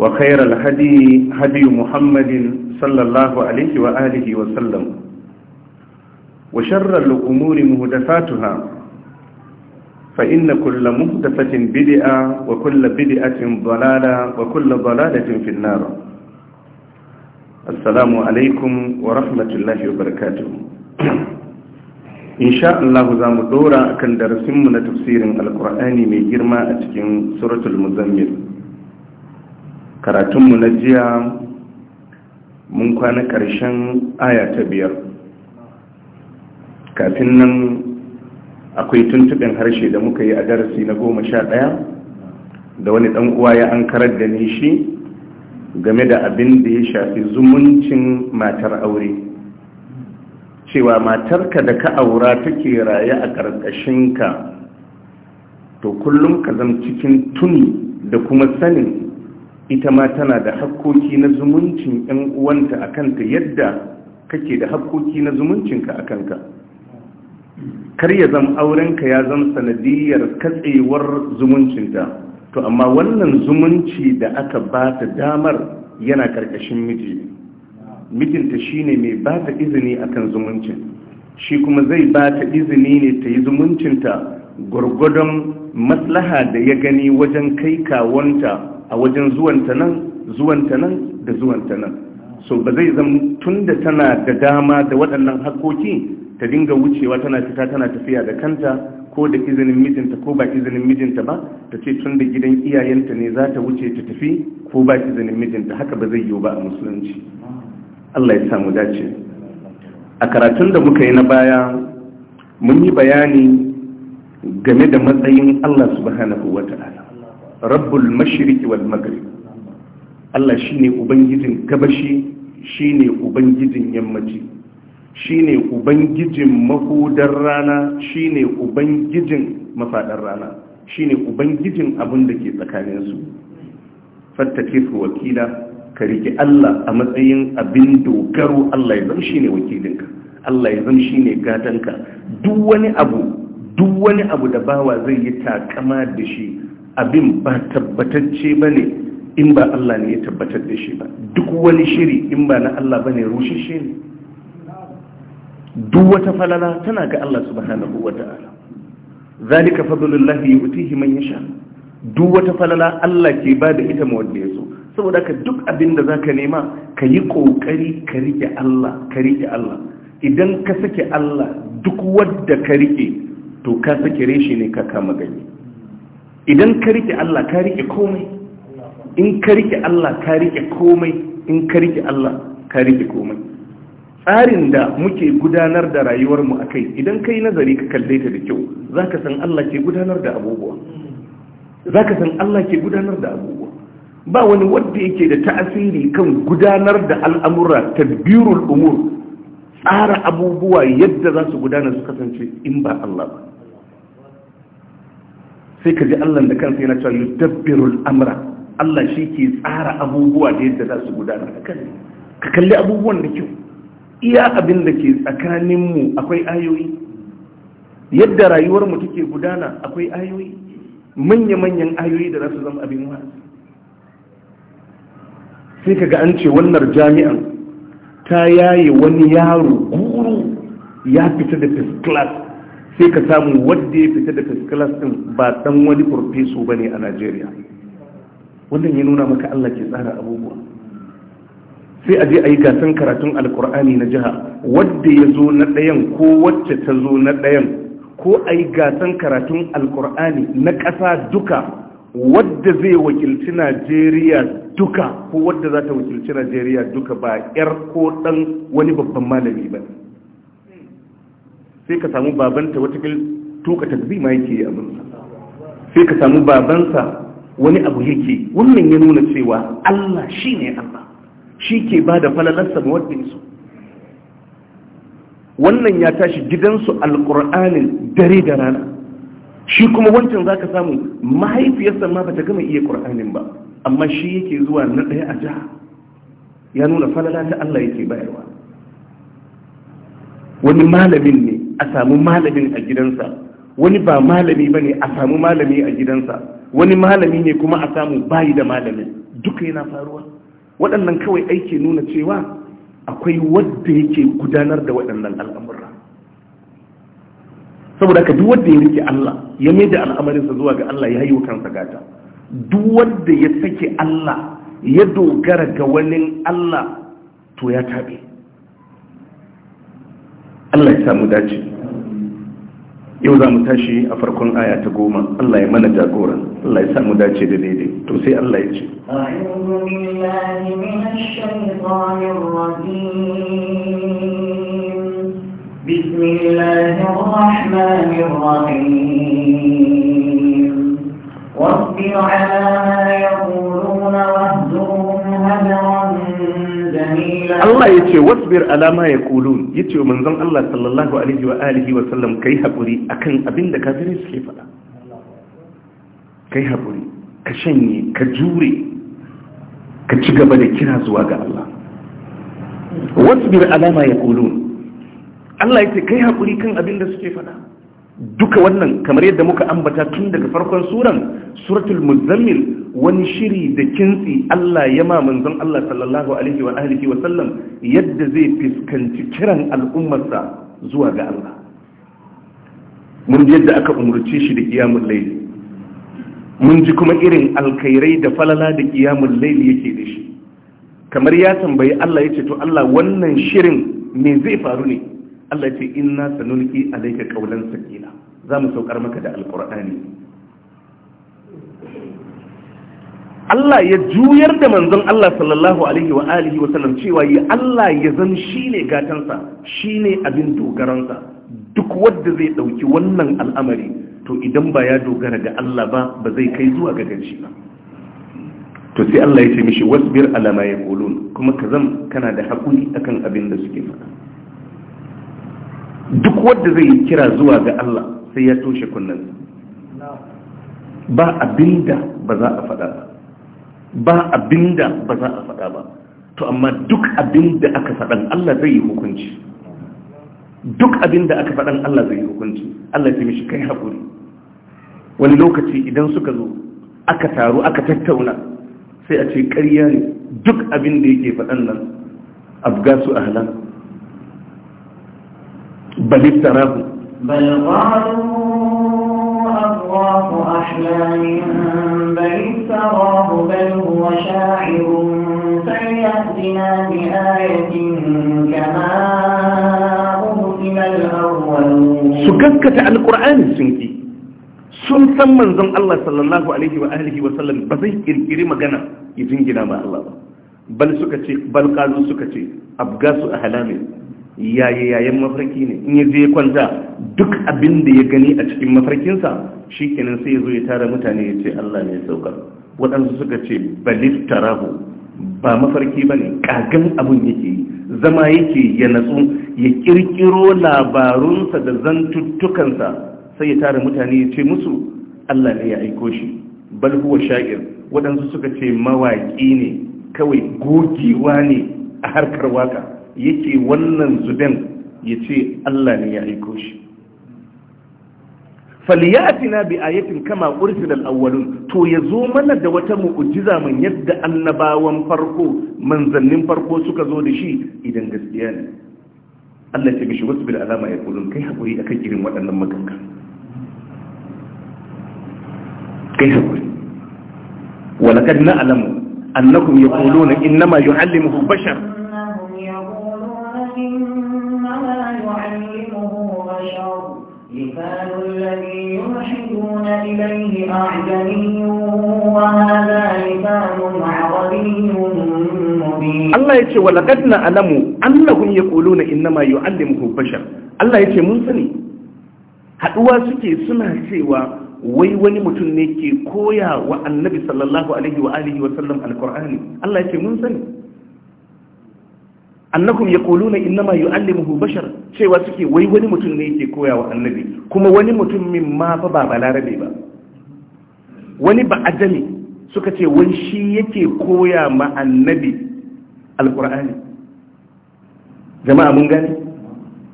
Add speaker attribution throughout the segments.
Speaker 1: وخير الهدي هدي محمد صلى الله عليه وآله وسلم وشر الأمور مهدفاتها فإن كل مهدفة بدئة وكل بدئة ضلالة وكل ضلالة في النار السلام عليكم ورحمة الله وبركاته إن شاء الله زام دورا كان درسمنا تفسير القرآن من جرما أتكين سورة المزمل karatunmu na jiya mun kwana ƙarshen aya ta biyar kafin nan akwai tuntuɓin harshe da muka yi a darasi na goma sha ɗaya da wani ɗan uwa ya an karar da ni shi game da abin da ya shafi zumuncin matar aure cewa matarka da ka aura take raye a ƙarƙashin ka, to kullum ka zama cikin tuni da kuma sanin ita ma tana da hakkoki na zumuncin ‘yan uwanta a kanta yadda kake da hakkoki na zumuncinka a kanka kar ya zama aurenka ya zama sanadiyar katsewar zumuncinta to amma wannan zumunci da aka ba ta damar yana karkashin miji mijinta shine mai ba ta izini akan zumuncin shi kuma zai ba ta izini ne ta yi zumuncinta gwargwadon maslaha da ya gani wajen kai kawonta a wajen zuwanta nan zuwanta nan da zuwanta nan so ba zai zama tun da tana da dama da waɗannan hakoki ta dinga wucewa tana fita tana tafiya da kanta ko da izinin mijinta ko ba izinin mijinta ba ta ce tun da gidan iyayenta ne za ta wuce ta tafi ko ba izinin mijinta haka ba zai yiwu ba a musulunci Allah ya samu dace a karatun da muka yi na baya mun yi bayani game da matsayin Allah subhanahu ta'ala. rabbul mashiriki wal maghrib Allah shine ubangijin gabashi shine ubangijin yammaci shine ubangijin mahudar rana shine ubangijin mafadar rana shine ubangijin abin da ke tsakanin su fattakifu wakila ka rike Allah a matsayin abin dogaro Allah ya zama shine wakilinka Allah ya zama shine gatanka duk wani abu duk wani abu da bawa zai yi takama da shi abin ba tabbatacce ba ne in ba Allah ne ya tabbatar da shi ba duk wani shiri in ba na Allah ba ne rushe ne duk wata falala tana ga Allah subhanahu wa ta'ala zalika fadlullahi yu'tihi man yasha duk wata falala Allah ke ba da ita ma wanda ya saboda ka duk abin da zaka nema ka yi kokari ka rike Allah ka rike Allah idan ka sake Allah duk wanda ka rike to ka sake reshe ne ka kama gani idan ka rike Allah ka rike komai in ka rike Allah ka rike komai in ka rike Allah ka rike komai tsarin da muke gudanar da rayuwarmu a kai idan ka yi nazari ka kalle ta da kyau za ka san Allah ke gudanar da abubuwa za ka san Allah ke gudanar da abubuwa ba wani wadda yake da ta'asiri kan gudanar da al'amura tadbirul umur tsara abubuwa yadda za su gudana su kasance in ba Allah ba sai ka ji Allah da kansa yana cewa yudabbirul amra Allah shi ke tsara abubuwa da yadda za su gudana a kan ka kalli abubuwan da kyau iya abin da ke tsakaninmu akwai ayoyi yadda rayuwarmu take gudana akwai ayoyi manya-manyan ayoyi da za su zama abin wa. sai ka ga an ce wannan jami'an ta yaye wani yaro guru ya fita da first class sai ka samu wadda ya fita da fiskalas ɗin din ba dan wani ba ne a Najeriya wannan ya nuna maka Allah ke tsara abubuwa sai a je a yi gasan karatun alkur'ani na jiha wadda ya zo na ɗayan ko wacce ta zo na ɗayan ko a yi gasan karatun alkur'ani na ƙasa duka wadda zai wakilci najeriya duka ko wadda za ta wakilci najeriya duka ba 'yar ko ɗan wani babban malami ba sai ka samu babanta wata kil tuka tasbih ma yake yi mun sai ka samu babansa wani abu yake wannan ya nuna cewa Allah shi Allah shi ke ba da falalarsa ga wannan ya tashi gidansu alkur'ani dare da rana shi kuma wancan za ka samu mahaifiyarsa ma bata gama iya ƙur'anin ba amma shi yake zuwa na ɗaya a jiha ya nuna falala ta Allah yake bayarwa wani malamin ne a samu malamin a gidansa wani ba malami ba ne a samu malami a gidansa wani malami ne kuma a samu bayi da malamin duka yana faruwa waɗannan kawai aiki nuna cewa akwai wadda yake gudanar da waɗannan al'amura saboda ka duk wadda ya rike Allah ya mai da al'amarinsa zuwa ga Allah ya yi kansa gata duk wadda ya sake Allah ya dogara ga wani Allah to ya taɓe Allah ya samu dace yau za mu tashi a farkon aya ta goma Allah ya mana jagora Allah ya samu dace da daidai to sai Allah ya ce
Speaker 2: a'udhu billahi minash shaitanir rajim bismillahir rahmanir rahim wasbir 'ala ma yaquluna wahjuhum hajran Allah ya ce
Speaker 1: wasbir alama ya kulun ya ce wa manzan Allah sallallahu alaihi wa alihi wa sallam yi haƙuri kan abin da kafirai suke faɗa Ka yi haƙuri ka shanye ka jure ka ci gaba da kira zuwa ga Allah wasbir alama ya kulun Allah ya ce kai haƙuri kan abin da suke faɗa duka wannan kamar yadda muka ambata tun daga farkon suran suratul muzammil wani shiri da kintsi Allah ya ma manzon Allah sallallahu alaihi wa alihi wa sallam yadda zai fiskanci kiran al'ummarsa zuwa ga Allah mun ji yadda aka umurce shi da qiyamul layl mun ji kuma irin alkhairai da falala da qiyamul layl yake da shi kamar ya tambayi Allah yace to Allah wannan shirin me zai faru ne Allah ce inna sanulki alayka qawlan sakina za saukar maka da alqur'ani Allah ya juyar da manzon Allah sallallahu alaihi wa alihi wa sallam cewa ya Allah ya zan shine gatansa shine abin dogaransa duk wanda zai dauki wannan al'amari to idan ba ya dogara ga Allah ba ba zai kai zuwa ga ganshi ba to sai Allah ya ce mishi wasbir ala ma yaqulun kuma ka zan kana da hakuri akan abin da suke faɗa duk wanda zai yi kira zuwa ga Allah sai ya toshe kunnan, ba abinda ba za a faɗa ba ba abinda ba za a faɗa ba to amma duk abinda aka faɗan Allah zai yi hukunci duk abinda aka faɗan Allah zai yi hukunci Allah ya mishi kai haƙuri wani lokaci idan suka zo aka taru aka tattauna sai a ce ƙarya ne duk abinda yake faɗan nan abgasu ahlan بل افتراه بل
Speaker 2: قالوا أضغاث أحلام بل افتراه بل هو شاعر فليأتنا بآية كما أرسل الأولون
Speaker 1: سكسكة القرآن السنتي sun san manzon Allah sallallahu alaihi wa alihi wa sallam ba zai kirkiri magana ya jingina ma Allah ba bal suka ce bal qalu suka ce abgasu ahlamin yaye yayen mafarki ne in ya je kwanta duk abin da ya gani a cikin mafarkinsa shi kenan sai ya zo ya tara mutane ya ce Allah ne ya saukar waɗansu suka ce tarahu ba mafarki ba ne kagan abin yake yi zama yake ya natsu ya ƙirƙiro labarunsa da zantuttukansa sai ya tara mutane ya ce musu Allah ne ya aiko shi bal huwa sha'ir waɗansu suka ce mawaƙi ne kawai gogewa ne a harkar waka yake wannan zubin ya ce Allah ne ya aiko shi faliyatina bi ayatin kama ursil al-awwalun to yazo mana da wata mu'jiza mun yadda annabawan farko manzannin farko suka zo da shi idan gaskiya ne Allah ya bishi wasu bil alama ya kulun kai hakuri akan irin waɗannan maganganu kai hakuri walaqad na'lamu annakum yaquluna innama yu'allimuhu bashar
Speaker 2: إليه أعجمي وهذا لسان عربي
Speaker 1: Allah ya ce wa laƙad na alamu annahum ya ƙolo na innama yi allimuhu bashar Allah ya ce mun sani haɗuwa suke suna cewa wai wani mutum ne ke koya wa annabi sallallahu alaihi wa alihi alƙur'ani Allah ya ce mun sani annakum yaquluna innama yu'allimuhu bashar cewa suke wai wani mutum ne yake koya wa annabi kuma wani mutum min ma fa ba balarabe ba wani ba ajami suka ce wai shi yake koya ma annabi alqur'ani jama'a mun gane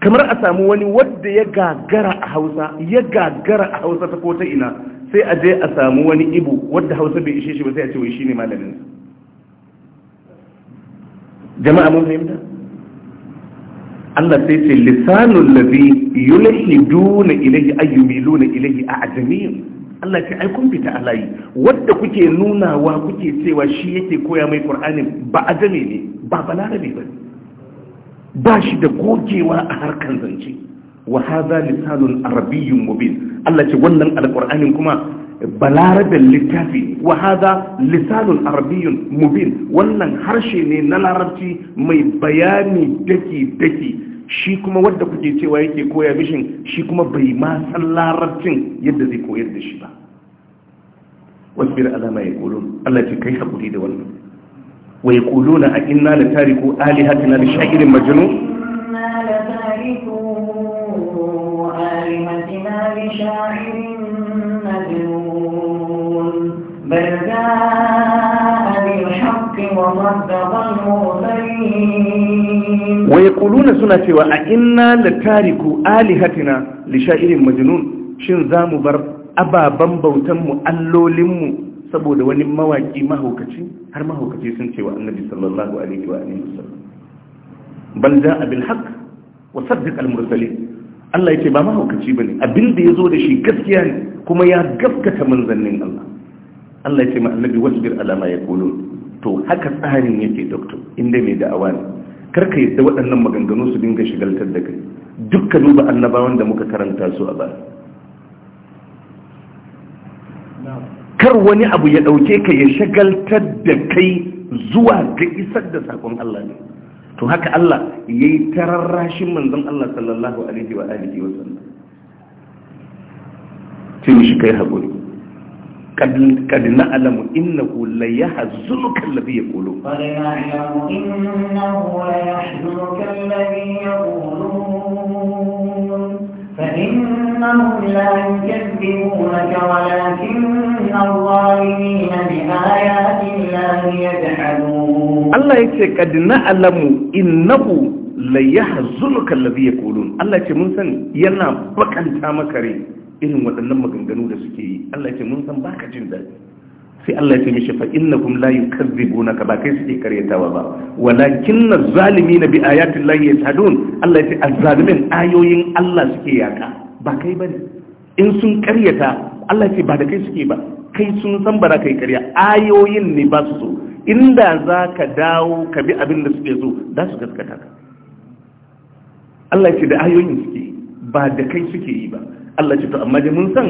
Speaker 1: kamar a samu wani wanda ya gagara a Hausa ya gagara a Hausa ta ko ta ina sai a je a samu wani ibo wadda Hausa bai ishe shi ba sai a ce wai shine malamin sa jama'a mun fahimta Allah sai ce lisanul ladhi yulhiduna ilayhi ayyumiluna ilayhi a'jamiyyun Allah ce ai kun fita alayi wanda kuke nunawa kuke cewa shi yake koya mai Qur'anin ba ajami ne ba balarabe ba ba shi da gogewa a harkan zance wa hadha lisanul arabiyyun mubin Allah ce wannan alqur'anin kuma balarabin littafi wa haza lisanun arabiyyun mubin wannan harshe ne na larabci mai bayani daki-daki shi kuma wadda kuke cewa yake koya mishin shi kuma bai ma san larabcin yadda zai koyar da shi ba biyar alama ya kulun Allah ce kai haƙuri da wannan Wai ya kuluna a inna da tariku alihatina da sha'irin majnun
Speaker 2: kuluna suna cewa
Speaker 1: a inna da tariku alihatina lishairin majinun shin za mu bar ababen bautanmu allolinmu saboda wani mawaƙi mahaukaci har mahaukaci sun cewa annabi sallallahu alaihi wa alihi wasallam da abin haq wa saddiq al-mursali Allah yake ba mahaukaci bane abinda ya zo da shi gaskiya ne kuma ya gaskata manzannin Allah Allah yake ma annabi wasbir ala ma yaqulun to haka tsarin yake doctor inda mai da'awa ne karka yadda waɗannan maganganu su dinga shigaltar da kai dukka duba annabawan da muka karanta su a baya kar wani abu ya ɗauke ka ya shagaltar da kai zuwa ga isar da sakon Allah ne to haka Allah ya yi tararrashin manzon Allah sallallahu alaihi wa alihi wa sallam ce kai haƙuri قد نعلم إنه ليحزنك الذي
Speaker 2: يقولون قد نعلم إنه ليحزنك الذي يقولون فإنهم لا يكذبونك ولكن الظالمين بآيات الله يجحدون
Speaker 1: الله يقول قد نعلم إنه ليحزنك الذي يقولون الله يقول من سن ينا بكن تامك رين irin waɗannan maganganu da suke yi Allah ce mun san baka jin daɗi sai Allah ya ce mishi fa innakum la ka, ba kai suke karyatawa ba walakinna zalimin bi ayatin la yashadun Allah ya ce azzalimin ayoyin Allah suke yaka ba kai bane in sun karyata Allah ya ce ba da kai suke ba kai sun san ba za ka yi karya ayoyin ne ba su so inda za ka dawo ka bi abin da suke so za su gaskata ka Allah ya ce da ayoyin suke ba da kai suke yi ba Allah ce to amma dai mun san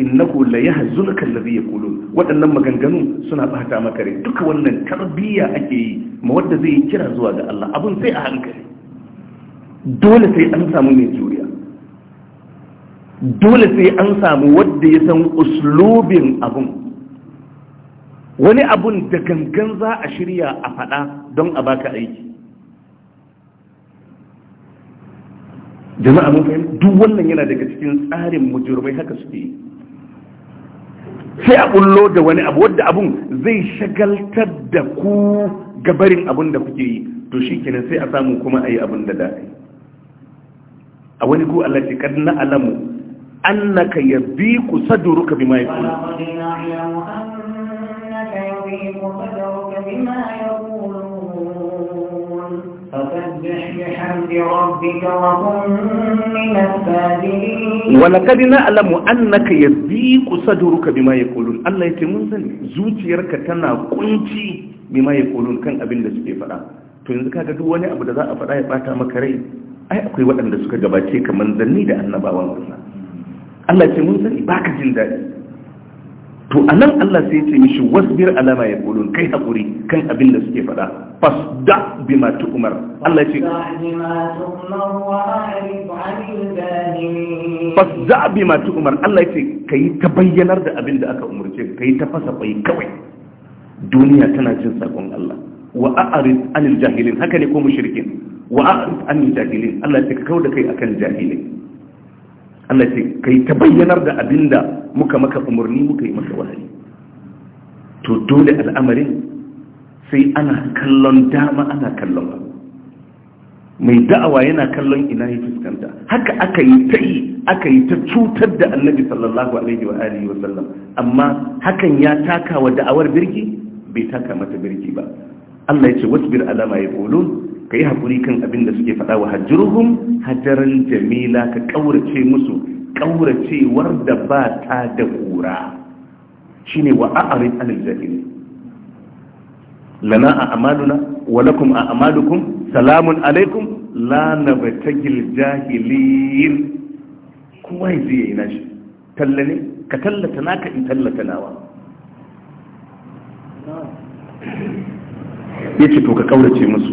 Speaker 1: innahu la yahzunka alladhi yaqulun waɗannan maganganu suna bata maka rai duka wannan tarbiyya ake yi ma wanda zai kira zuwa ga Allah abun sai a hankali dole sai an samu ne juriya dole sai an samu wanda ya san uslubin abun wani abun da gangan za a shirya a faɗa don a baka aiki jama'a mun fahimta duk wannan yana daga cikin tsarin mujurmai haka suke yi sai a bullo da wani abu wadda abun zai shagaltar da ku gabarin abun da kuke yi to shi sai a samu kuma a yi abun da da a wani ku Allah ce kad na alamu annaka yadhiqu saduruka bima yaqulu annaka
Speaker 2: yadhiqu saduruka bima yaqulu ولقد
Speaker 1: نعلم انك يضيق صدرك بما يقولون الله يتمن سن زوجيرك تانا كنتي بما يقولون kan abin da suke faɗa. to yanzu kaga duk wani abu da za a faɗa ya bata maka rai ai akwai wadanda suka gabace kaman danni da annabawan Allah Allah yake mun sani baka jin dadi to a nan Allah sai ce mishi wasbir alama ya kulun kai haƙuri kan abin da suke faɗa fasda bima tu'mar Allah ce fasda bima tu'mar Allah ce kai ta bayyanar da abin da aka umurce kai ta fasa bai kawai duniya tana jin sakon Allah wa a'rid anil jahilin haka ne ko mushrikin wa a'rid anil jahilin Allah ce ka kauda kai akan jahilin Allah ce kai ta bayyanar da abin da muka maka umarni muka yi maka wahali. to dole al'amarin sai ana kallon dama ana kallon ba mai da'awa yana kallon ina ya fuskanta haka aka yi ta yi aka yi ta cutar da annabi sallallahu alaihi wa alihi wa sallam amma hakan ya taka wa da'awar birki bai taka mata birki ba Allah ya ce wasbir alama ya qulun ka yi haƙuri kan abin da suke faɗa wa hajjuruhum hajaran jamila ka ƙaurace musu kauracewar da ba ta da kura shine wa a'rid anil jahili lana a'maluna wa lakum a'malukum salamun alaikum la nabtagil jahilin kowa ya zai yi nashi talla ne ka tallata naka in tallata nawa ya ce to ka kaurace musu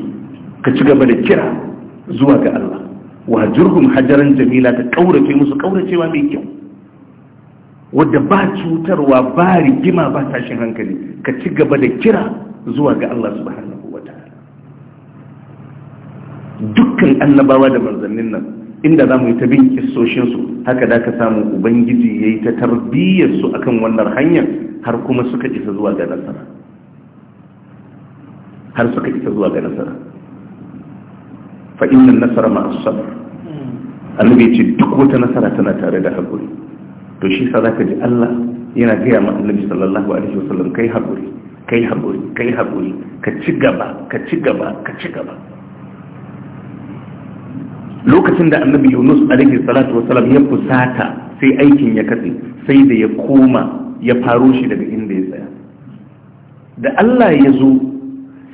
Speaker 1: ka ci gaba da kira zuwa ga Allah wajurhum hajaran jamila ta kaurace musu kauracewa mai kyau wadda ba cutarwa ba rigima ba tashin hankali ka ci gaba da kira zuwa ga Allah subhanahu ta'ala dukkan annabawa da manzannin nan inda za mu yi ta bin su haka da ka samu ubangiji ya yi ta tarbiyyarsu akan wannan hanyar har kuma suka isa zuwa ga nasara har suka isa zuwa ga nasara fa inna nasara ma as annabi ce duk wata nasara tana tare da hakuri to shi sa zaka ji Allah yana gaya ma annabi sallallahu alaihi wasallam kai hakuri kai hakuri kai hakuri ka ci gaba ka ci gaba ka ci gaba lokacin da annabi Yunus alaihi salatu wasallam ya fusata sai aikin ya katse sai da ya koma ya faro shi daga inda ya tsaya da Allah ya zo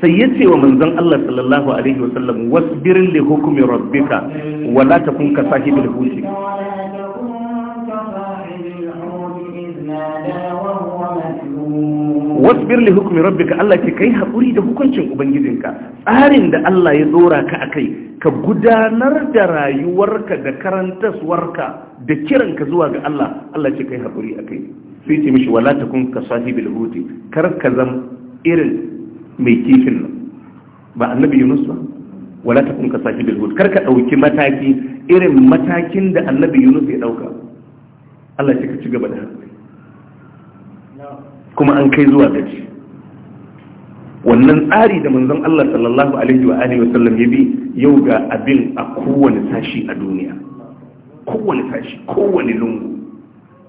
Speaker 1: sai ya ce wa manzon Allah sallallahu alaihi wasallam wasbir li hukmi rabbika wa la takun ka al huti
Speaker 2: wasbir li hukmi
Speaker 1: rabbika Allah ce kai hakuri da hukuncin ubangijinka tsarin da Allah ya dora ka akai ka gudanar da rayuwarka da karantaswarka da kiranka zuwa ga Allah Allah ce kai hakuri akai sai ce mishi wala takun ka sahibil huti kar ka zam irin mai kifin nan ba annabi yunus ba wala ta kun saki bilhud kar ka ɗauki mataki irin matakin da annabi yunus ya ɗauka allah ce ka ci gaba da hankali kuma an kai zuwa gaci wannan tsari da manzon allah sallallahu alaihi wa alihi wasallam ya bi yau ga abin a kowane sashi a duniya kowane sashi kowane lungu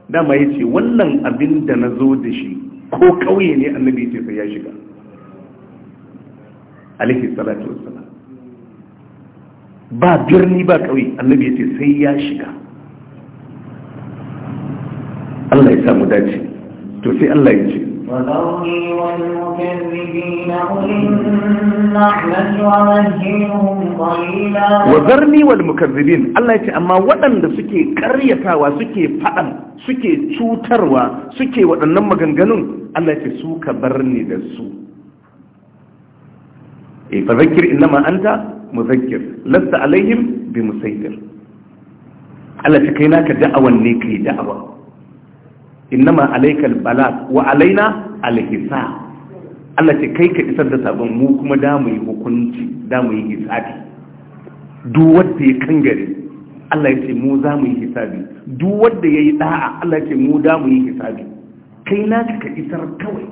Speaker 1: dama ya ce wannan abin da na zo da shi ko ƙauye ne annabi ce sai ya shiga alaihi salatu wassalam ba birni ba kauye annabi ya ce sai ya shiga Allah ya samu dace to sai Allah ya ce wazarni wal mukazzibin Allah ya ce amma waɗanda suke ƙaryatawa, suke faɗan suke cutarwa suke waɗannan maganganun Allah ya ce su ka barni da su eh fa zakkir innama anta muzakkir lasta alaihim bi musaitir Allah ta kai naka da'awan ne kai da'awa innama alaikal balad wa alaina alhisab Allah ta kai ka isar da sabon mu kuma da mu yi hukunci da mu yi hisabi duk wanda ya kangare Allah ce mu za mu yi hisabi duk ya yi Allah ce mu da mu yi hisabi kai naka ka isar kawai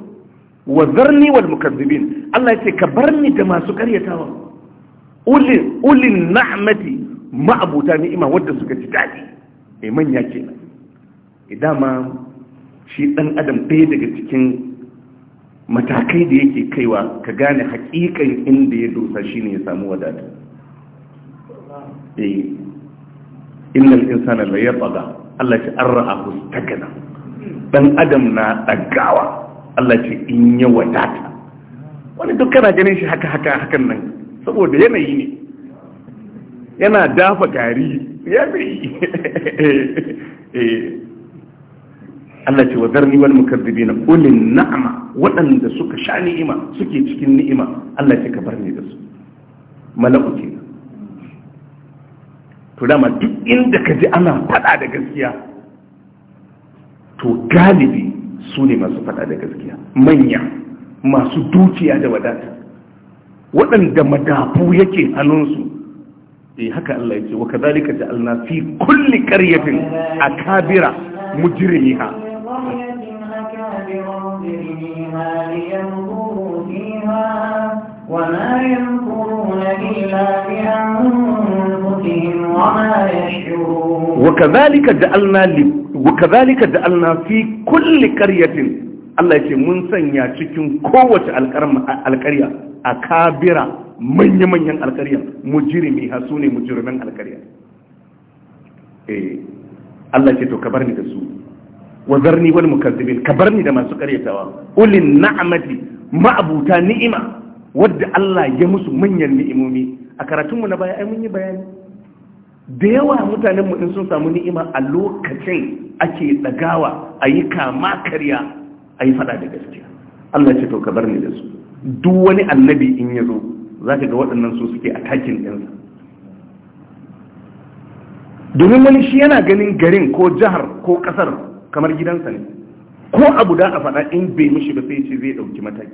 Speaker 1: wa zarni wal mukazzibin Allah ya ce ka bar ni da masu karyatawa ulin ulin na'mati ma'abuta ni'ima wadda suka ji dadi eh manya kenan idan e, ma shi dan adam ɗaya daga cikin matakai da yake kaiwa ka gane hakikan inda ya dosa shine ya samu wadata eh innal insana la yatqa Allah ya arra ahu tagana dan adam na dagawa Allah ce in ya wadata wani duk kana ganin shi haka haka hakan nan saboda yanayi ne yana dafa gari ya bai eh. Allah ce wa zarni wal mukazzibina ulin na'ama waɗanda suka sha ni'ima suke cikin ni'ima Allah ce ka bar ni da su mala'u ke to dama duk inda ka ji ana faɗa da gaskiya to galibi su ne masu faɗa da gaskiya manya masu dukiya da wadata waɗanda madafu yake hannunsu eh haka Allah yake wa kadhalika ja'alna fi kulli qaryatin akabira mujrimiha
Speaker 2: وما يمكرون إلا بأنفسهم وما يشعرون
Speaker 1: وكذلك جعلنا لكل wa kazalika ja'alna fi kulli qaryatin Allah yake mun sanya cikin kowace alƙarya a kabira manya-manyan alƙarya mujirimi ha su ne mujirimin alƙarya eh Allah yake to kabar ni da su wa zarni wal mukazzibin kabar ni da masu ƙaryatawa ulin na'amati ma'abuta ni'ima wadda Allah ya musu manyan ni'imomi a karatunmu na baya ai mun yi bayani da yawa mutanenmu in sun samu ni'ima a lokacin ake dagawa, a yi kama karya a yi faɗa da gaskiya Allah ce to ka bar ni da su duk wani annabi in ya zo za ka ga waɗannan su suke a takin ɗinsa domin wani shi yana ganin garin ko jihar ko ƙasar kamar gidansa ne ko abu da a faɗa in bai mishi ba sai ce zai ɗauki mataki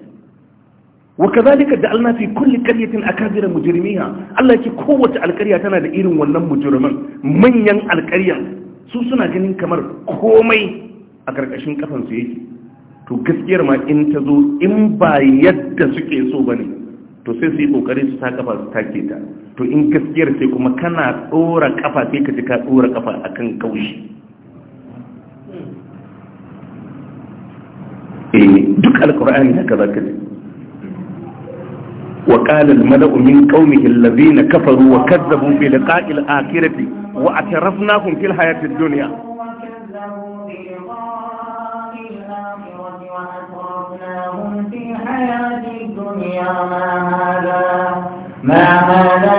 Speaker 1: Wa ka za da Allah fi kulli karyatin a kajirin Allah ki kowace alƙal'aya tana da irin wannan mujallar. Manyan su suna ganin kamar komai a ƙarƙashin ƙafansu ya ke. To gaskiyar ma in ta zo, in ba yadda suke so ba ne, to sai su yi su, ta ƙafa su ta ta, to in gaskiyar sai kuma kana na ɗora ƙafa sai ka ce ka ɗora ƙafa a kan kaushi. Duk Alƙur'ani ya kaza وقال الملأ من قومه الذين كفروا وكذبوا بلقاء الآخرة وأترفناهم في الحياة الدنيا
Speaker 2: في الدنيا ما هذا ما هذا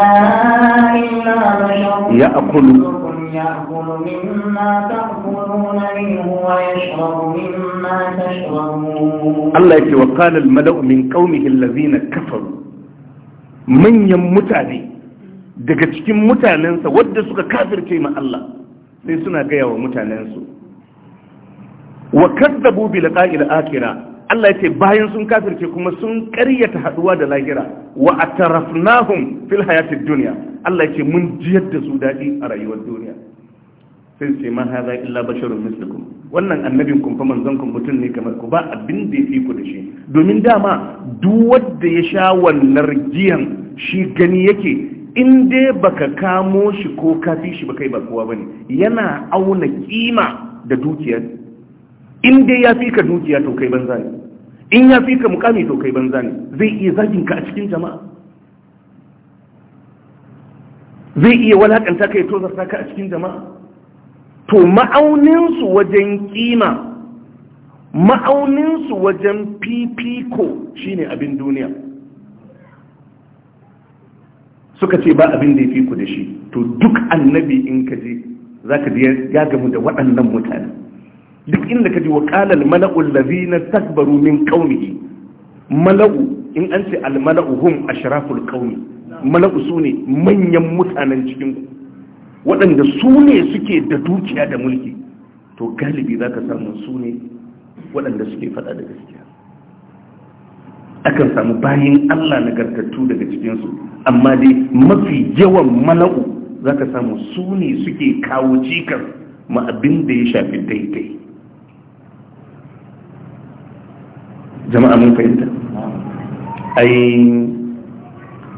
Speaker 2: إلا بشر يأكل يأكل مما تأكلون منه ويشرب مما تشربون الله يقول
Speaker 1: وقال الملأ من قومه الذين كفروا manyan mutane daga cikin mutanensa wadda suka kafirce ma Allah sai suna gaya wa mutanensu wa kadzabu ƙa'ida qa'il akhirah Allah yace bayan sun kafirce kuma sun ƙaryata haduwa da lahira wa atarafnahum fil hayatid dunya Allah yace mun jiyar da su dadi a rayuwar duniya sai su ce ma haza illa basharun mislikum wannan annabin kun fa manzon kun mutum ne kamar ku ba abin da ya fi ku da shi domin dama duk wanda ya sha wannan giyan shi gani yake in dai baka kamo shi ko ka fi shi ba kai ba kowa bane yana auna kima da dukiya in dai ya fi ka dukiya to kai banza ne in ya fi ka mukami to kai banza ne zai iya zagin ka a cikin jama'a zai iya walakanta kai to zarta ka a cikin jama'a to ma'auninsu wajen kima ma'auninsu wajen fifiko shine abin duniya suka ce ba abin da ya fi ku da shi to duk annabi in ka je za ka ya gamu da waɗannan mutane duk inda ka ji wa ƙalal mala'ul lazina takbaru min ƙaunihi mala'u in an ce al mala'u hum ashraful ƙauni mala'u su ne manyan mutanen cikin waɗanda su ne suke da dukiya da mulki to galibi za ka samu su ne waɗanda suke faɗa da gaskiya akan samu bayan allah nagartattu daga cikinsu amma dai mafi yawan mala'u za ka samu su ne suke kawo cikar ma abin da ya shafi daidai jama'a mun fahimta ai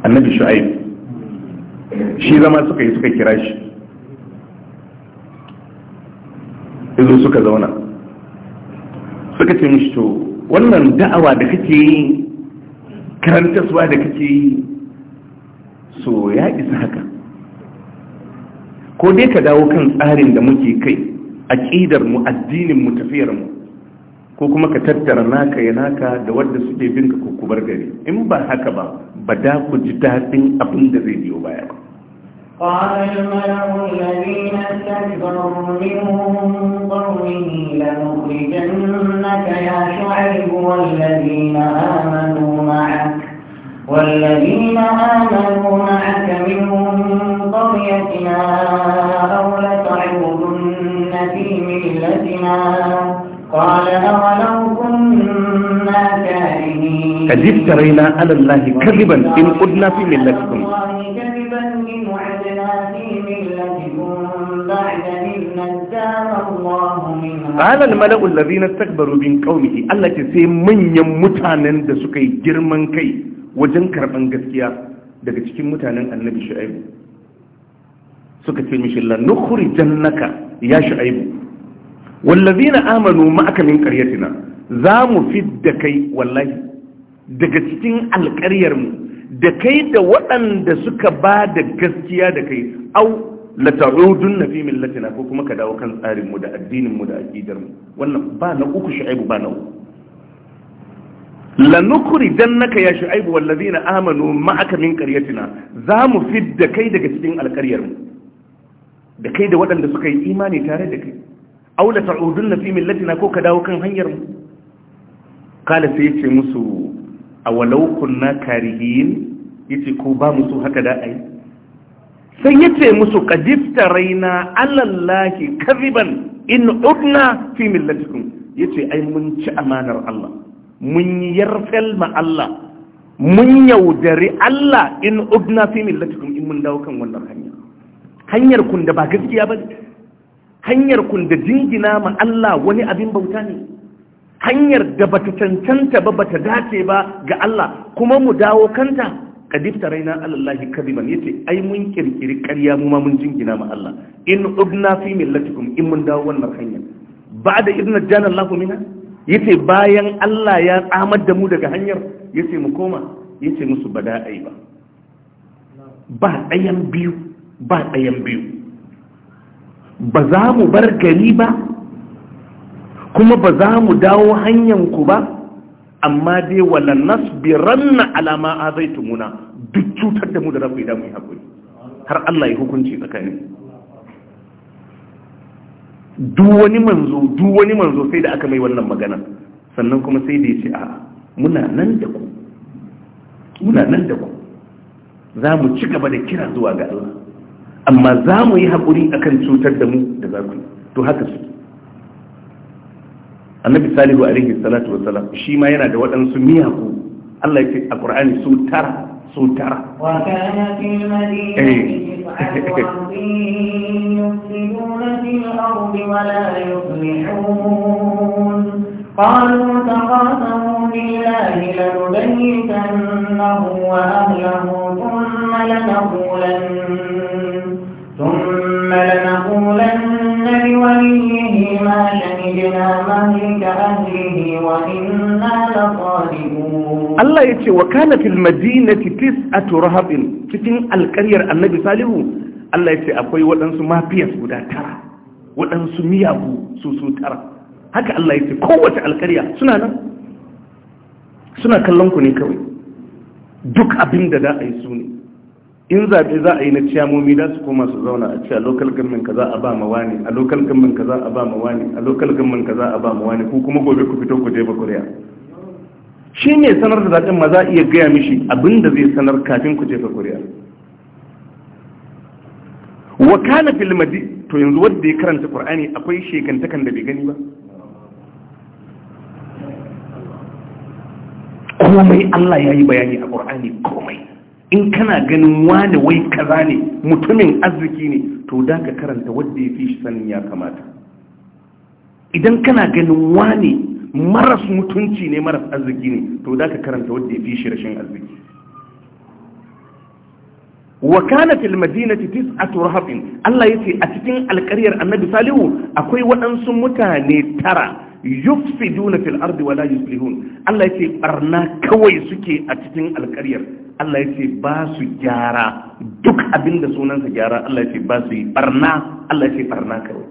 Speaker 1: annabi shu'aib shi zama suka yi suka kira shi izo suka zauna suka ce mishi to wannan da'awa da kake yi karantarwa da kake yi so ya isa haka ko dai ka dawo kan tsarin da muke kai aƙidar mu addinin mu tafiyar mu ko kuma ka tattara naka ya naka da wadda suke bin ka kubar gari in ba haka ba ba da ku ji daɗin abin da zai biyo baya ba
Speaker 2: قال الملأ الذين استكبروا من قومه لنخرجنك يا شعيب والذين آمنوا معك والذين آمنوا معك من قريتنا أو لتعودن في ملتنا قال أولو كنا كارهين كذبت رينا على الله كذبا إن قدنا في ملتكم بعد إذ نجانا الله منها قال الملأ
Speaker 1: الذين استكبروا من قومه الله كسي من يمتانن da suka yi girman kai wajen karban gaskiya daga cikin mutanen annabi shu'aibu suka ce mishi la nukhrijannaka ya shu'aibu wallazina amanu ma'aka min za mu da kai wallahi daga cikin alƙaryarmu da kai da waɗanda suka ba da gaskiya da kai au la ta'udun na fi millatina ko kuma ka dawo kan tsarin mu da addinin mu da aqidar mu wannan ba na uku shu'aibu ba na uku la naka ya shu'aibu wallazina amanu ma'aka min qaryatina za mu fidda kai daga cikin alƙaryar mu da kai da waɗanda suka yi imani tare da kai aw la ta'udun fi millatina ko ka dawo kan hanyar mu kala sai yace musu awalau kunna karihin yace ko ba mu so haka da ai sai ya ce musu kadifta raina allallahi kariban in udna fi millatikum ya ce ai mun ci amanar Allah mun yi yarfel ma Allah mun yaudari Allah in udna fi millatikum in mun dawo kan wannan hanya hanyar kun da ba gaskiya ba hanyar kun da jingina ma Allah wani abin bauta ne hanyar da bata cancanta ba bata dace ba ga Allah kuma mu dawo kanta kadifta raina alallahi kadiban yace ai mun kirkiri ƙarya mu ma mun jingina ma Allah in ubna fi millatikum in mun dawo wannan hanya ba'da idna jana Allah mina yace bayan Allah ya tsamar da mu daga hanyar yace mu koma yace musu bada ai ba ba ɗayan biyu ba ɗayan biyu ba za mu bar gari ba kuma ba za mu dawo hanyar ku ba amma dai wala nasbiranna ala ma azaitumuna duk cutar da mu da rafi damu mu hakuri har Allah ya hukunci tsakani duk wani manzo duk wani manzo sai da aka mai wannan magana sannan kuma sai da ya ce a'a muna nan da ku muna nan da ku za mu ci gaba da kira zuwa ga Allah amma za mu yi haƙuri akan cutar da mu da za ku to haka su annabi salihu alaihi salatu wa salam shi ma yana da waɗansu miyaku Allah ya ce a Qur'ani su tara su tara wa kana
Speaker 2: fil madinati قالوا تقاسموا بالله لنبيتنه وأهله ثم لنقولن ثم لنقولن
Speaker 1: Allah ya ce wa kana fil madinati tis'atu rahabin cikin alƙaryar Annabi Salihu Allah ya ce akwai waɗansu mafiyas guda tara waɗansu miyagu su su tara haka Allah ya ce kowace alƙarya suna nan suna kallon ku ne kawai duk abin da za a yi su ne in zaɓe za a yi na ciyamomi da su koma su zauna a ce a local government ka za a ba ma wani a local government ka za a ba ma wani a local government ka za a ba ma wani ko kuma gobe ku fito ku je ba kuriya shi ne sanar da zaɓen ma za a iya gaya mishi abin da zai sanar kafin ku je ba kuriya wa kana fil madi to yanzu wanda ya karanta qur'ani akwai shekantakan da bai gani ba komai Allah ya yi bayani a qur'ani komai in kana ganin wane wai kaza ne mutumin arziki ne to da ka karanta wadda ya fi shi sanin ya kamata idan kana ganin wane maras mutunci ne maras arziki ne to da ka karanta wadda ya fi shi rashin arziki wa kanat almadinati tis'atu rahabin Allah yace a cikin alƙaryar Annabi Salihu akwai waɗansu mutane tara yufsiduna fil ardi wala yuslihun Allah yace barna kawai suke a cikin alƙaryar Allah ya ce ba su gyara duk abin da sunansa gyara Allah ya ce ba su yi barna Allah ya ce barna kawai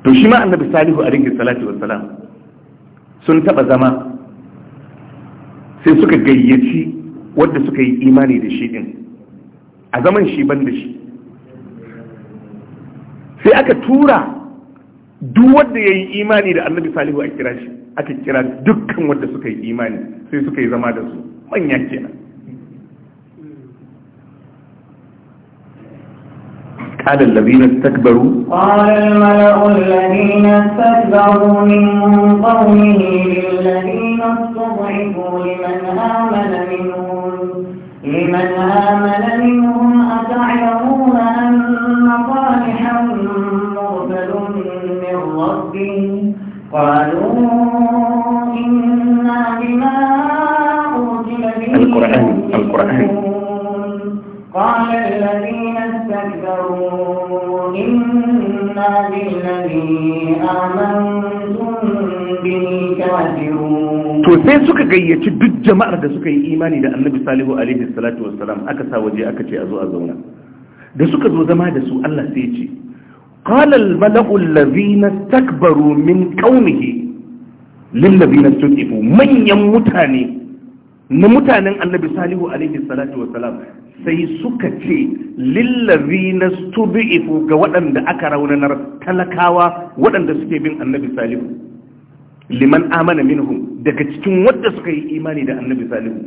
Speaker 1: to shi ma annabi salihu a alaihi salatu salam sun taba zama sai suka gayyaci wadda suka yi imani da shi din a zaman shi ban da shi sai aka tura duk wanda ya yi imani da annabi salihu a kira shi aka kira dukkan wanda suka yi imani sai suka yi zama da su manya kenan قال الذين استكبروا
Speaker 2: قال الملأ الذين استكبروا من قومه للذين استضعفوا لمن آمن منهم لمن آمن منهم أتعلمون أن صالحا ربهم قالوا إنا بما أرسل به القرآن القرآن قال الذين استكبروا إنا بالذي آمنتم به كافرون to
Speaker 1: sai suka gayyaci duk jama'ar da suka yi imani da annabi salihu alaihi salatu wassalam aka sa waje aka ce a zo a zauna da suka zo zama da su Allah sai ce قال الملأ الذين استكبروا من قومه للذين استضعفوا من يمتاني na mutanen annabi salihu alaihi salatu wasalam sai suka ce lillazi na stubi'ifu ga waɗanda aka raunanar talakawa waɗanda suke bin annabi salihu liman amana minhum daga cikin wadda suka yi imani da annabi salihu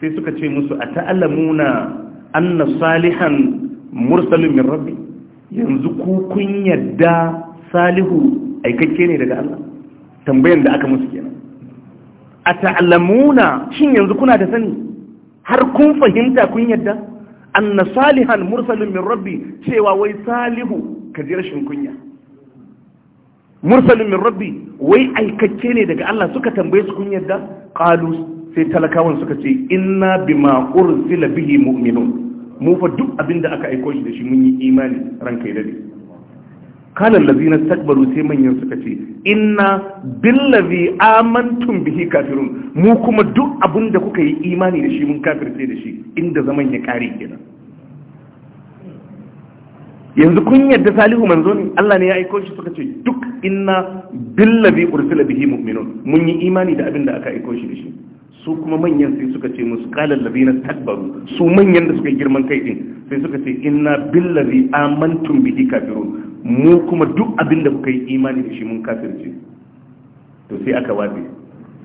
Speaker 1: sai suka ce musu a ta'alamuna anna salihan mursalin min rabbi yanzu ku kun yadda salihu aikakke ne daga Allah tambayan da aka musu kenan a ta'alamuna, shin yanzu kuna da sani har kun fahimta kun yadda anna salihan mursalun min rabbi cewa wai salihu kajiyar rashin kunya mursalin min rabbi wai aikakke ne daga Allah suka tambaye su kun yadda qalu sai talakawan suka ce inna bima ursila bihi mu'minun mu fa duk abin da aka aiko shi da shi mun yi imani ranka ya dade kalan lazina takbaru sai manyan suka ce inna billazi amantum bihi kafirun mu kuma duk abin da kuka yi imani da shi mun kafirce da shi inda zaman ya kare kenan yanzu kun yadda salihu manzo ne Allah ne ya aiko shi suka ce duk inna billazi ursila bihi mu'minun mun yi imani da abin da aka aiko shi da shi su kuma manyan sai suka ce musu kalan labinan takbaru su manyan da suka girman kai din sai suka ce inna billazi amantum bihi kafirun mu kuma duk abin da kuka yi imani da shi mun kafirce to sai aka wace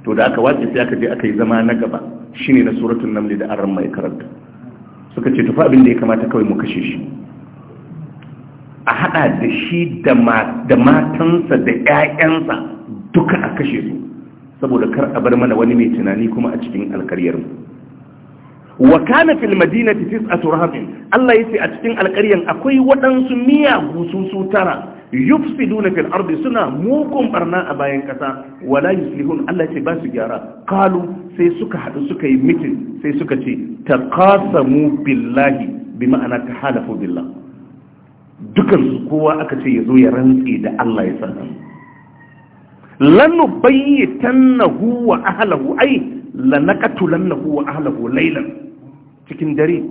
Speaker 1: to da aka wace sai aka je aka yi zama na gaba shine na suratul namli da aran mai karanta suka ce tufa abin da ya kamata kawai mu kashe shi a hada da shi da matansa da ƴaƴansa duka a kashe su saboda kar a bar mana wani mai tunani kuma a cikin alkaryarmu wa kana fil madinati tis'atu rahabin Allah yace a cikin alkaryan akwai waɗansu miya su tara yufsiduna fil ardi suna mugun barna a bayan kasa wala yuslihun Allah yace ba su gyara qalu sai suka hadu suka yi mitin sai suka ce taqasamu billahi bi ma'ana tahalafu billah dukan su kowa aka ce yazo ya rantsi da Allah ya sanar lanubayyitannahu wa ahlahu ai lanaqatulannahu wa ahlahu laylan cikin dare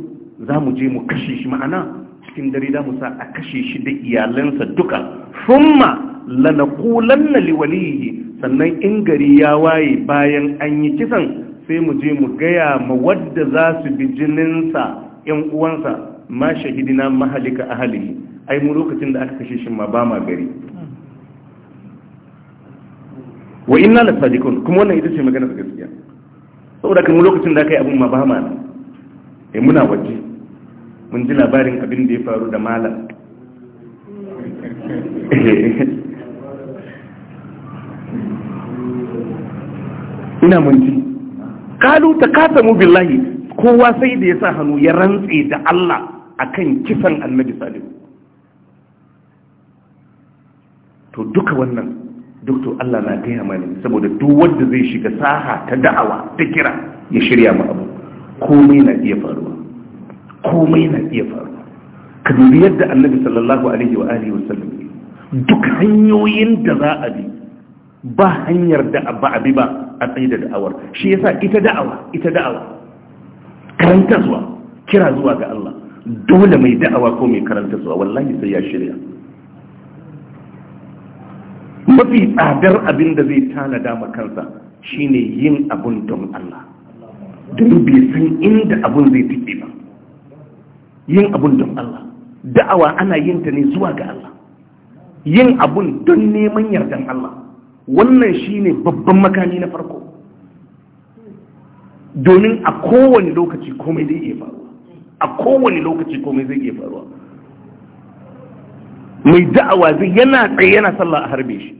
Speaker 1: zamu je mu kashe shi ma'ana cikin dare da mu sa a kashe shi da iyalansa duka thumma lanaqulanna liwalihi sannan in gari ya waye bayan an yi kisan sai mu je mu gaya ma wadda za su bi jininsa yan uwansa ma shahidina mahalika ahalihi ai mu lokacin da aka kashe shi ma ba ma gari wa inna la sadiqun kuma wannan ita ce magana gaskiya saboda kan lokacin da kai abun ma ba ma eh muna waje mun ji labarin abin da ya faru da malam ina mun ji kalu ta kasamu billahi kowa sai da ya sa hannu ya rantse da Allah akan kisan annabi salihu to duka wannan doktor Allah na gaya mani saboda duk wanda zai shiga saha ta da'awa ta kira ya shirya mu abu komai na iya faruwa komai na iya faruwa ka dubi yadda annabi sallallahu alaihi wa alihi wa sallam duk hanyoyin da za a bi ba hanyar da ba a bi ba a tsaye da da'awar shi yasa ita da'awa ita da'awa karanta zuwa kira zuwa ga Allah dole mai da'awa ko mai karanta zuwa wallahi sai ya shirya mafi tsadar abin da zai tanada dama kansa shine yin abun don Allah don bai san inda abun zai tafi ba yin abun don Allah da'awa ana yin ta ne zuwa ga Allah yin abun don neman yardan Allah wannan shine babban makami na farko domin a kowane lokaci komai zai iya faruwa a kowane lokaci komai zai iya faruwa mai da'awa zai yana tsaye yana sallah a harbe shi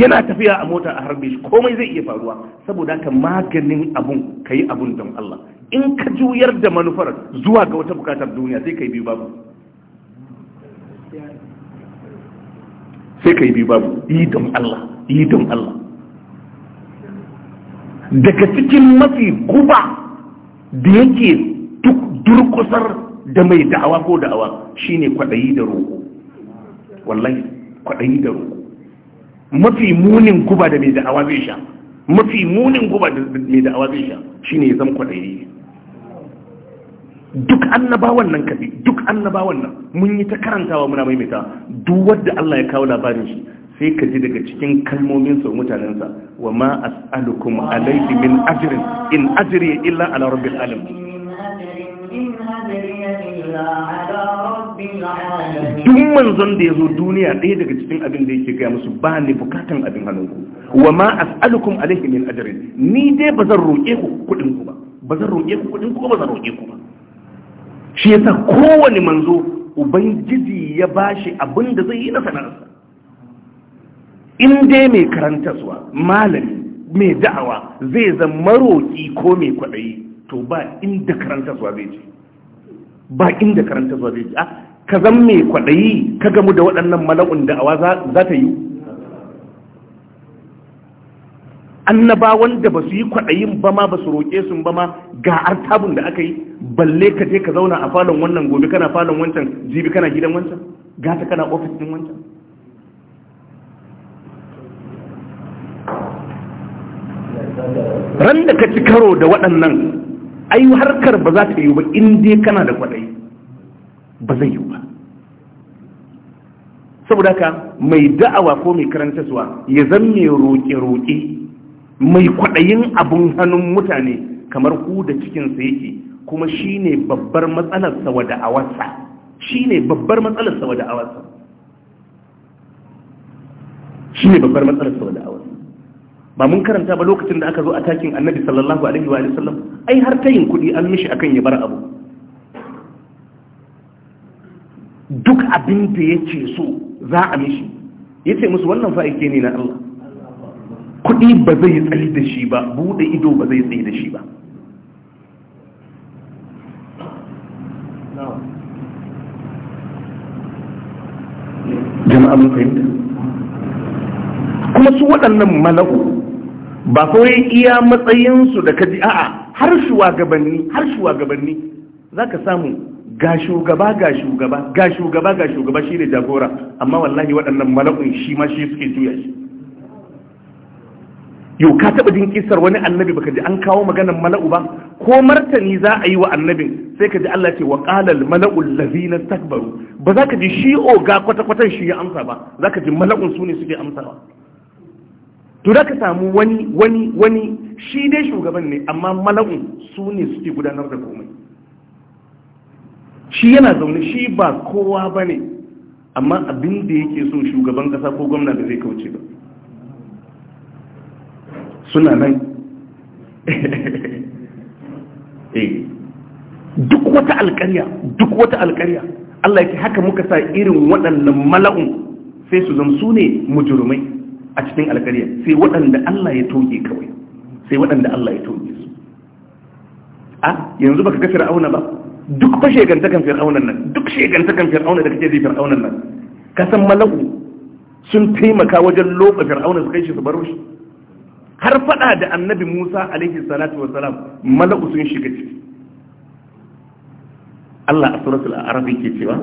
Speaker 1: yana tafiya a mota a harbe shi komai zai iya faruwa saboda haka maganin abun ka yi abun don Allah in ka juyar da manufar zuwa ga wata bukatar duniya sai ka yi biyu babu sai ka yi biyu babu yi don Allah yi don Allah daga cikin mafi guba da yake duk durkusar da mai da'awa ko da'awa shine kwaɗayi da roƙo wallahi kwaɗayi da roƙo mafi munin guba da mai awa zai sha mafi munin guba da mai awa zai sha shine ya zama kwaɗayi duk annabawan nan kafi duk annabawan nan mun yi ta karantawa muna maimaita duk wadda Allah ya kawo labarin shi sai ka ji daga cikin kalmomin sa mutanensa wa ma as'alukum alayhi min ajrin in ajri illa ala rabbil alamin
Speaker 2: in ajri illa ala duk manzon
Speaker 1: da ya zo duniya ɗaya daga cikin abin da yake gaya musu ba ne bukatan abin hannunku wa ma as'alukum alaihi min ajrin ni dai ba zan roƙe ku kuɗin ku ba ba zan roƙe ku kuɗin ku ba zan roƙe ku ba shi yasa kowane manzo ubangiji ya bashi abin da zai yi na sana'arsa
Speaker 2: in dai mai
Speaker 1: karantarwa malami mai da'awa zai zama maroƙi ko mai kwaɗayi to ba inda karantarwa zai ce ba inda karanta zuwa zai ji a ah, ka zan mai kwaɗayi ka gamu da waɗannan mala'un da'awa za ta yi annabawan da ba su yi kwaɗayin ba ma ba su roƙe sun ba ma ga artabun da aka yi balle ka je ka zauna a falon wannan gobe kana falon wancan jibi kana gidan wancan gata kana ofis ɗin wancan ran da ka ci karo da waɗannan ai harkar ba za ta yi ba in dai kana da kwaɗayi ba zai yi ba saboda ka mai da'awa ko mai suwa ya zan mai roƙe-roƙe mai kwaɗayin abun hannun mutane kamar ku da cikinsa yake kuma shi ne babbar matsalarsa wa da'awarsa shi ne babbar matsalarsa wa da'awarsa shi ne babbar matsalarsa wa da'awarsa ba mun karanta ba lokacin da aka zo a takin annabi sallallahu alaihi wa sallam ai har tayin kuɗi an mishi akan ya bar abu duk abin da ya ce so za a mishi ya ce musu wannan ke ne na Allah kuɗi ba zai tsaye da shi ba buɗe ido ba zai tsaye da shi ba jama'a mun fahimta kuma su waɗannan mala'u ba kawai iya matsayinsu da ka ji a'a har shugabanni har shugabanni za ka samu ga shugaba ga shugaba ga shugaba ga shugaba shi ne jagora amma wallahi waɗannan mala'un shi ma shi suke juya shi yau ka taɓa jin kisar wani annabi baka ji an kawo maganar mala'u ba ko martani za a yi wa annabin sai ka ji Allah ce wa ƙalal mala'u lazina takbaru ba za ka ji shi o ga kwata-kwatan shi ya amsa ba za ka ji mala'un su ne suke amsa amsawa to da ka samu wani wani wani shi dai shugaban ne amma mala'un su ne suke gudanar da komai shi yana zaune shi ba kowa ba ne amma abin da yake so shugaban kasa ko gwamna da zai kauce ba suna nan eh, duk wata alkarya duk wata alkarya Allah ya haka muka sa irin waɗannan mala'un sai su zama su ne mujurumai a cikin alƙarya sai waɗanda Allah ya toge kawai sai waɗanda Allah ya toge su a yanzu baka ga fir'auna ba duk fa shegantakan fir'aunan nan duk shegantakan fir'auna da kake ji fir'aunan nan ka san mala'u sun taimaka wajen loba fir'auna su kai shi su baro shi har faɗa da annabi Musa alaihi salatu wa salam mala'u sun shiga ciki Allah a في الأرض yake cewa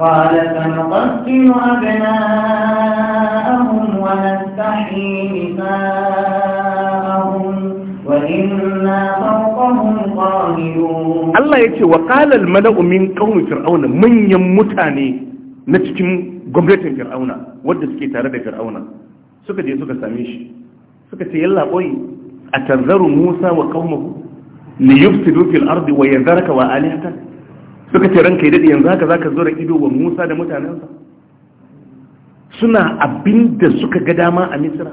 Speaker 2: قال سنقتل أبناءهم ونستحيي نساءهم وإنا فوقهم قاهرون الله
Speaker 1: يقول وقال الملأ من قوم فرعون من يمتاني نتكم gwamnatin fir'auna wadda suke tare da fir'auna suka je suka same shi suka ce yalla boy a tanzaru musa wa qaumuhu li yufsidu fil ardi wa yanzaraka wa alihata suka ce ranka yi dadi yanzu haka zaka zo da ido wa musa da mutanensa suna abinda suka ga dama a Misira?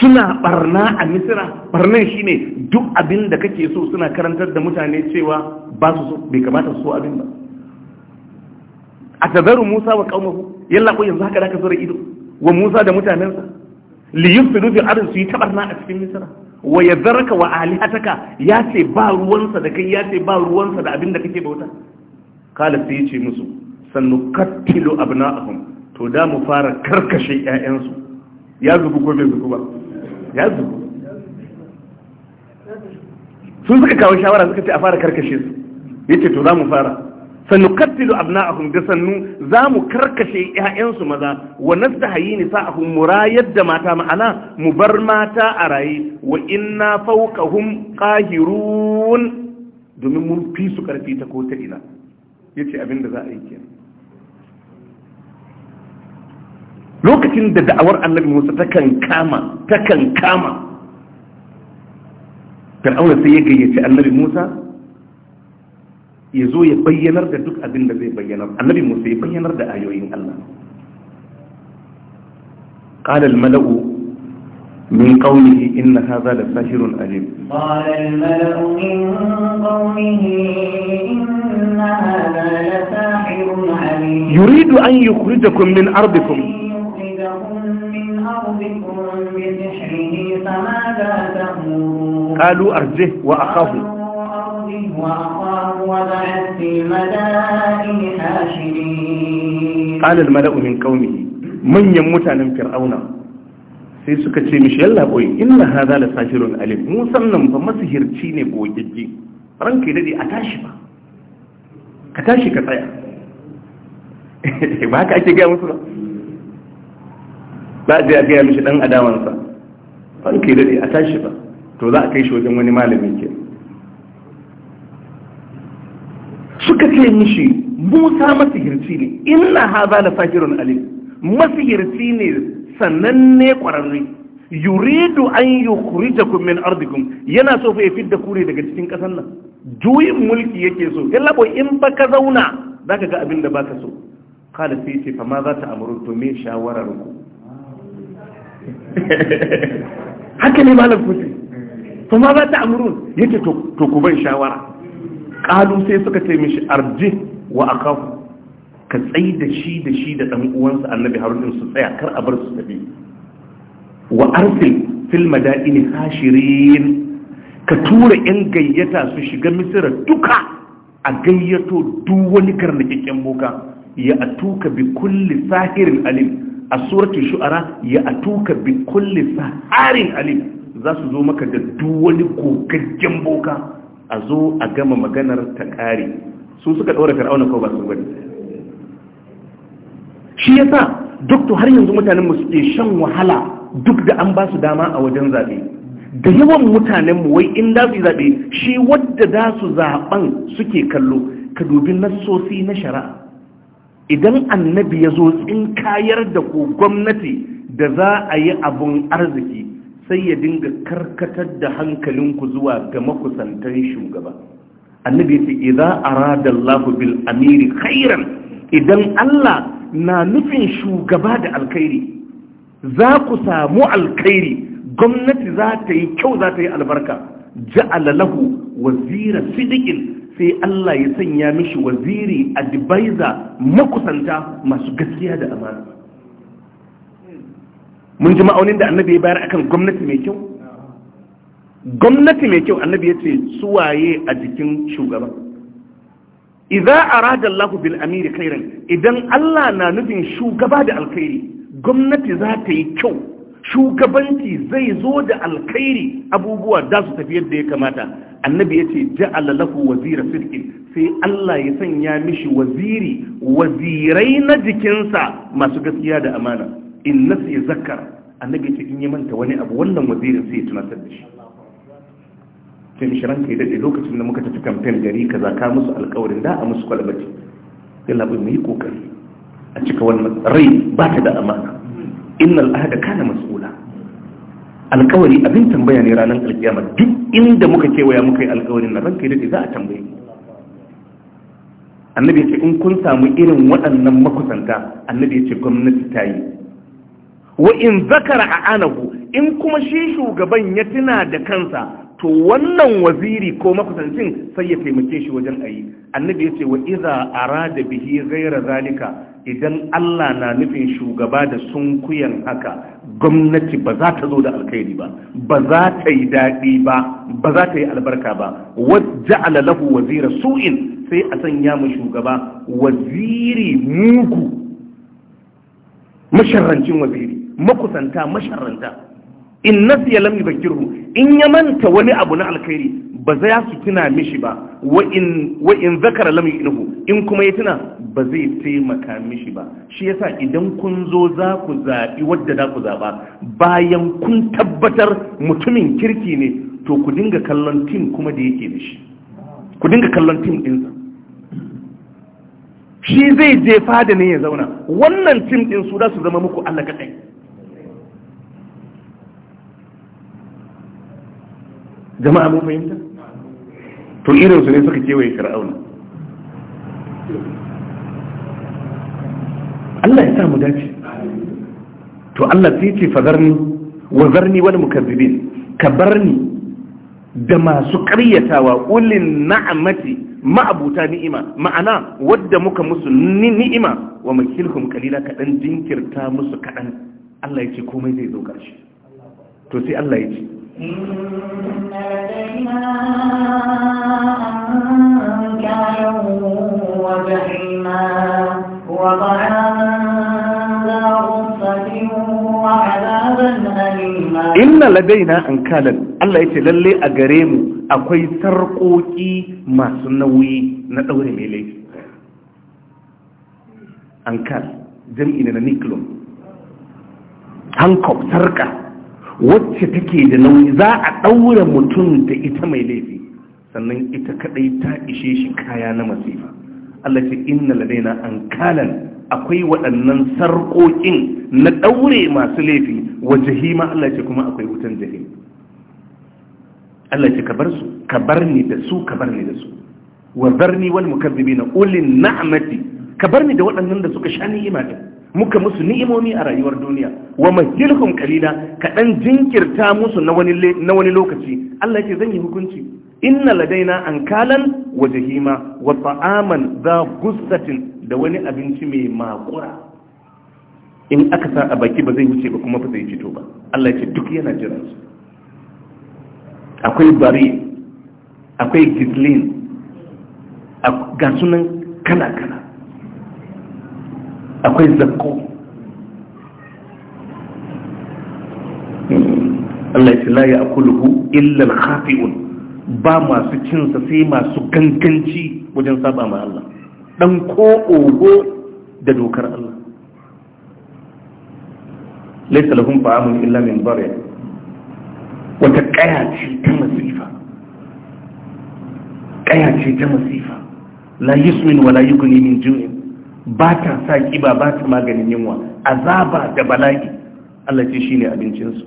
Speaker 1: suna barna a misira barnan shine duk abin da kake so suna karantar da mutane cewa ba su so bai kamata su so abin ba a tazaru Musa wa kaumahu yalla ko yanzu haka da ka zura ido wa Musa da mutanensa li yufidu fi ardi su yi tabarna a cikin Misra wa yadharaka wa alihataka ya ce ba ruwansa da kai ya ce ba ruwansa da abin da kake bauta kala sai ya ce musu sannu katilu abna'ahum to da mu fara karkashe ƴaƴansu ya zubu ko bai zubu ba ya zubu sun suka kawo shawara suka ce a fara karkashe su yace to za mu fara sanukaddilu abna'ahum da sannu za mu karkashe ƴaƴansu maza wa nastahayi nisa'ahum murayar da mata ma'ana mu bar mata a raye wa inna fawqahum qahirun domin mun fi su karfi ta ko ta ina yace abin da za a yi kenan lokacin da da'awar annabi Musa ta kan kama ta kan kama Aure sai ya gayyaci annabi Musa ya ya bayyanar da duk abin da zai bayyanar annabi musa ya bayyanar da ayoyin Allah قال الملأ من قومه إن هذا لساحر أليم
Speaker 2: قال الملأ من قومه إن هذا لساحر عليم يريد
Speaker 1: أن يخرجكم من أرضكم
Speaker 2: يخرجكم من أرضكم بسحره فماذا تأمرون قالوا أرجه وأخاه قومه وأخاه وبعث في المدائن حاشرين قال
Speaker 1: الملأ من قومه من يموت عن فرعون sai suka ce mishi yalla boy inna hadha la sahirun alim mu sannan fa masihirci ne bogegge ranka ya dade a tashi ba ka tashi ka tsaya ba haka ake gaya musu ba ba a gaya mishi dan adawansa ranka ya dade a tashi ba to za a kai shi wajen wani malami kenan suka ce mishi musa masihirci ne inna haza da sahirun alim masihirci ne sananne kwararre yuridu an yukhrijakum min ardikum yana so fa ya fidda kure daga cikin kasan nan juyin mulki yake so yalla labo in ba ka zauna za ka ga abin da ba ka so kada sai ce fa za ta amuru to me shawarar ku haka ne malam kuti ma za ta amuru yake to ku ban shawara kalu sai suka ce mishi arji wa akafu ka tsayi da shi da shi da ɗan uwansa annabi harun din su tsaya kar a bar su tafi wa arsil fil madaini hashirin ka tura yan gayyata su shiga misira duka a gayyato duk wani karnakakken boka ya atuka bi kulli sahirin alim a surati shu'ara ya atuka bi kulli sahirin alim za su zo maka da duk wani gogaggen boka a zo a gama maganar ta kare su suka ɗora fir'auna ko ba su gani shi yasa duk to har yanzu mutanen mu suke shan wahala duk da an ba su dama a wajen zaɓe da yawan mutanen mu wai in da su zaɓe shi wadda da su zaben suke kallo ka dubi nassosi na shari'a idan annabi ya zo tsinkayar da ku gwamnati da za a yi abun arziki sai ya dinga karkatar da hankalinku zuwa ga makusantan shugaba annabi ce idza arada Allahu bil amiri khairan idan Allah na nufin shugaba da alkhairi za ku samu alkhairi gwamnati za ta yi kyau za ta yi albarka ja'ala lahu wazira sidiqin sai Allah ya sanya mishi waziri advisor makusanta masu gaskiya da amana mun ji ma'aunin da annabi ya bayar akan gwamnati mai kyau gwamnati mai kyau annabi ya ce suwaye a jikin shugaba idza arada Allahu bil amiri khairan idan Allah na nufin shugaba da alkhairi gwamnati za ta yi kyau shugabanci zai zo da alkhairi abubuwa za su tafi yadda ya kamata annabi ya ce ja'ala lahu wazira sidqin sai Allah ya sanya mishi waziri wazirai na jikinsa masu gaskiya da amana in nasu ya zakar annabi ce in yi manta wani abu wannan wazirin sai ya tunatar da shi sai mishi ranka ya daɗe lokacin da muka tafi kamfen gari ka zaka musu alkawarin da a musu kwalbaci ya labu mai kokari a cika wannan rai ba ta da amana innal al'ada kana mas'ula alkawari abin tambaya ne ranar alkiyama duk inda muka kewaya muka yi alkawarin na ranka ya daɗe za a tambaye annabi ya ce in kun samu irin waɗannan makusanta annabi ya ce gwamnati ta yi wa in zakara a anahu in kuma shi shugaban ya tuna da kansa to wannan waziri ko makusancin sai ya taimake shi wajen ayi annabi yace wa iza arada bihi ghayra zalika idan Allah na nufin shugaba da sunkuyan haka gwamnati ba za ta zo da alkhairi ba ba za ta yi daɗi ba ba za ta yi albarka ba waja'ala lahu wazira su'in sai a sanya mu shugaba
Speaker 2: waziri mugu
Speaker 1: masharrancin waziri makusanta masharanta in ya lamni yubakkirhu in ya manta wani abu na alkhairi ba za su tuna mishi ba wa in zakara lamni yinhu in kuma ya tuna ba zai taimaka mishi ba shi yasa idan kun zo za ku zaɓi wadda za ku zaɓa, bayan kun tabbatar mutumin kirki ne to ku dinga kallon tim kuma da yake shi ku dinga kallon tim ɗinsa shi zai je fada ne ya zauna wannan tim ɗin su za su zama muku Allah kaɗai jama'a mun fahimta to irin su ne suka kewaye fir'auna Allah ya sa mu dace to Allah sai ce fazarni wa zarni wal mukazzibin ka barni da masu karyatawa ulin na'amati ma'abuta ni'ima ma'ana wadda muka musu ni'ima wa makilhum kalila kaɗan jinkirta musu kaɗan Allah ya ce komai zai zo karshe, to sai Allah ya ce inna ladaina an kalan Allah ya ce lalle a gare mu akwai sarƙoƙi masu nauyi na ɗaure mai laifi an wacce take da nauyi za a ɗaura mutum da ita mai laifi sannan ita kaɗai ta ishe shi kaya na masifa Allah ce inna ladaina an kalan akwai waɗannan sarƙoƙin na ɗaure masu laifi wa jahima Allah ce kuma akwai wutan jahim Allah ce ka bar su ka bar ni da su ka bar ni da su wa zarni wal mukazzibina ulin na'mati ka bar ni da waɗannan da suka sha ni'ima din muka musu ni'imomi a rayuwar duniya wa mahilhum qalila kadan jinkirta musu na wani lokaci Allah yake zan yi hukunci inna ladaina ankalan wa jahima wa ta'aman za gussatin da wani abinci mai makura in aka sa a baki ba zai wuce ba kuma ba zai fito ba Allah yake duk yana jiran su akwai bari akwai gislin ga sunan kala-kala akwai zakko Allah ce la ya akuluhu illa al-khafi'un ba masu cinsa sai masu ganganci wajen saba ma Allah dan ko ogo da dokar Allah laysa lahum fa'amun illa min bari wata kaya ce ta masifa kaya ce ta masifa la yusmin wala yughni min ju'in ba ta sa kiba ba ta maganin yunwa azaba da bala'i Allah ce shine abincinsu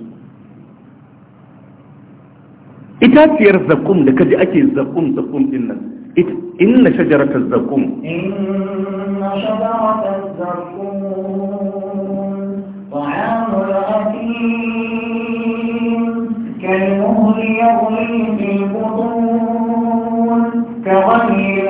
Speaker 1: Ita tiyar zakum da kaji ake zakum zakum din nan inna shajaratar
Speaker 2: zakum inna shajaratar zakum ta'amul atim kalmuhli yaghli fi butun kaghli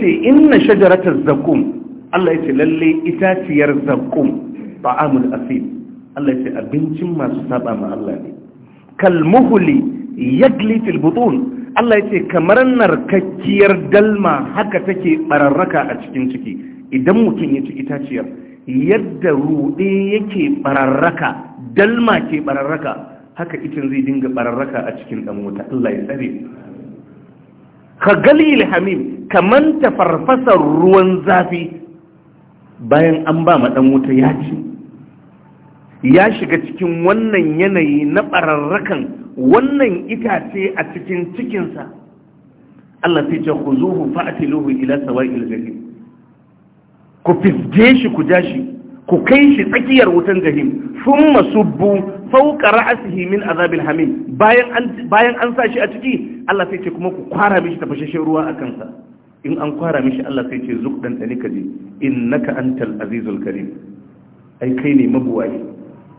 Speaker 2: ce inna
Speaker 1: shajaratar zakum Allah ya ce lalle itaciyar zakum ta'amul asil Allah ya ce abincin masu saba ma Allah ne kalmuhuli yagli fil butun Allah ya ce kamar narkakkiyar dalma haka take bararraka a cikin ciki idan mutum ya ci itaciyar yadda ruɗe yake bararraka dalma ke bararraka haka itin zai dinga bararraka a cikin dan wuta Allah ya tsare ka galil hamim kaman tafarfasar ruwan zafi bayan an ba ɗan wuta ya ci ya shiga cikin wannan yanayi na ɓararrakan wannan itace a cikin cikinsa Allah sai ce ku zuhu fa'atiluhu ila sawa'il jahim ku fisge shi ku jashi. ku kai shi tsakiyar wutan jahim sun masubbu fauka ra'asihi min azabil hamim bayan an sa shi a ciki Allah sai ce kuma ku kwara mishi tafashashen ruwa a kansa in an kwara mishi Allah sai ce zuk dan dani kaje innaka antal azizul karim ai kai ne mabuwaye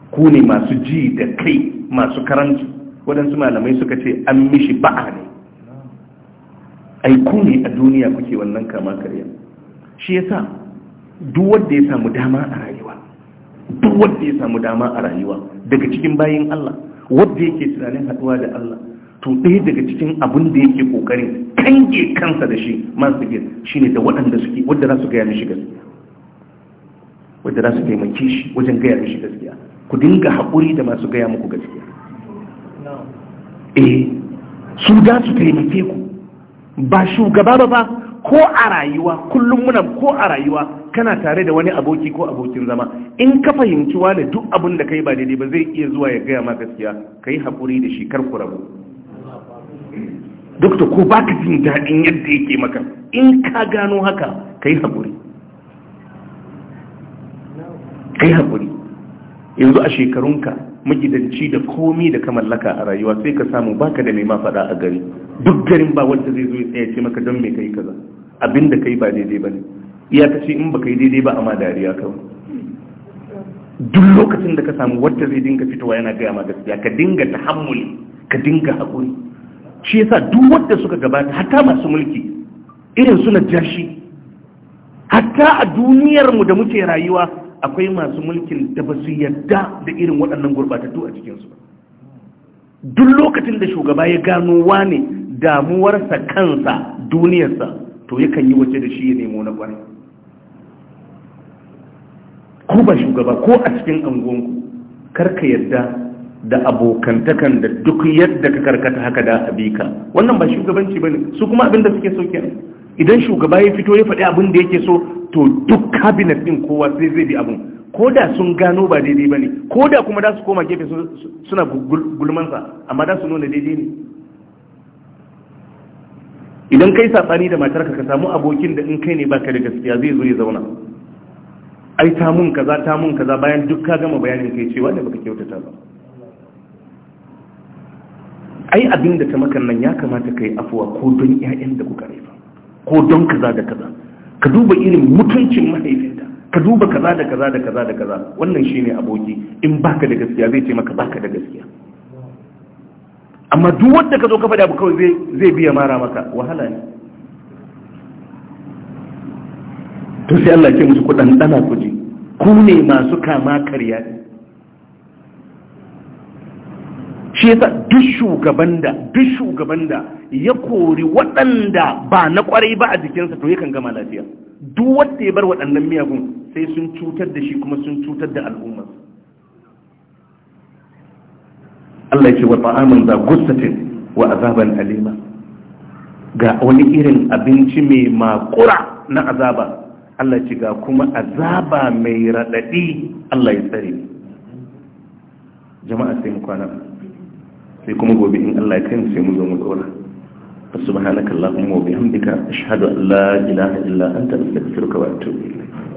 Speaker 1: ku ne masu ji da kai masu karanci waɗansu malamai suka ce an mishi ba'a ne ai ku ne a duniya kuke wannan kama karya shi yasa duk wanda ya samu dama a rayuwa duk wanda ya samu dama a rayuwa daga cikin bayin Allah wanda yake tunanin haduwa da Allah to ɗaya daga cikin abin da yake kokarin kange kansa da shi masu gir shine da waɗanda suke wanda za su gaya mishi gaskiya wanda za su taimake shi wajen gaya mishi gaskiya ku dinga haƙuri da masu gaya muku gaskiya eh su za su taimake ku ba shugaba ba ko a rayuwa kullum muna ko a rayuwa kana tare da wani aboki ko abokin zama in ka fahimci wani duk abin da kai ba daidai ba zai iya zuwa ya gaya ma gaskiya ka yi haƙuri da shi kar ku rabu dokta ko baka jin daɗin yadda yake maka in ka gano haka ka yi haƙuri ka yi haƙuri yanzu a shekarunka magidanci da komi da ka mallaka a rayuwa sai ka samu baka da mai ma faɗa a gari duk garin ba wanda zai zo ya tsaya ce maka don me kai kaza abin da kai ba daidai bane ce in baka yi daidai ba amma dariya ka duk lokacin da ka samu wanda zai dinga fitowa yana gaya ma gaskiya ka dinga tahammuli ka dinga haƙuri shi yasa duk wanda suka gabata hatta masu mulki irin suna jashi hatta a duniyarmu da muke rayuwa akwai masu mulkin da ba su yadda da irin waɗannan gurɓatattu a cikinsu duk lokacin da shugaba ya gano wane damuwarsa kansa duniyarsa to yakan yi wace da shi ya nemo na ƙwarai ko ba shugaba ko a cikin angonku karka yadda da abokantakan da duk yadda ka karkata haka da abika wannan ba shugabanci ba ne su kuma abin da suke so idan shugaba ya fito ya faɗi abin da yake so to duk cabinet din kowa sai zai bi abun ko da sun gano ba daidai ba ne ko da kuma da su koma gefe suna gulmansa amma da su nuna daidai ne idan kai saɓani da matar ka samu abokin da in kai ne baka da gaskiya zai zo ya zauna ai ta mun kaza ta mun kaza bayan duk ka gama bayanin kai cewa da baka kyautata ba ai abin da ta makan nan ya kamata kai afuwa ko don 'ya'yan da kuka haifa ko don kaza da kaza ka duba irin mutuncin mahaifinta ka duba kaza da kaza da kaza da kaza wannan shine aboki in baka da gaskiya zai ce maka baka da gaskiya amma duk wanda ka zo ka faɗi abu kawai zai biya mara maka wahala ne to sai Allah ya ce musu ku dan dana ku ji ku ne masu kama karya shi yasa duk shugaban da duk shugaban da ya kori waɗanda ba na kwarai ba a jikinsa to yakan gama lafiya duk wanda ya bar waɗannan miyagun sai sun cutar da shi kuma sun cutar da al'umma Allah ce wa ta'amun za gustatin wa azaban alima ga wani irin abinci mai makura na azaba Allah ce ga kuma azaba mai raɗaɗi Allah ya tsare jama'a sai mu kwana sai kuma gobe in Allah ya kai mu sai mu zo mu dora subhanakallahumma wa bihamdika ashhadu an la ilaha illa anta astaghfiruka wa atubu ilayk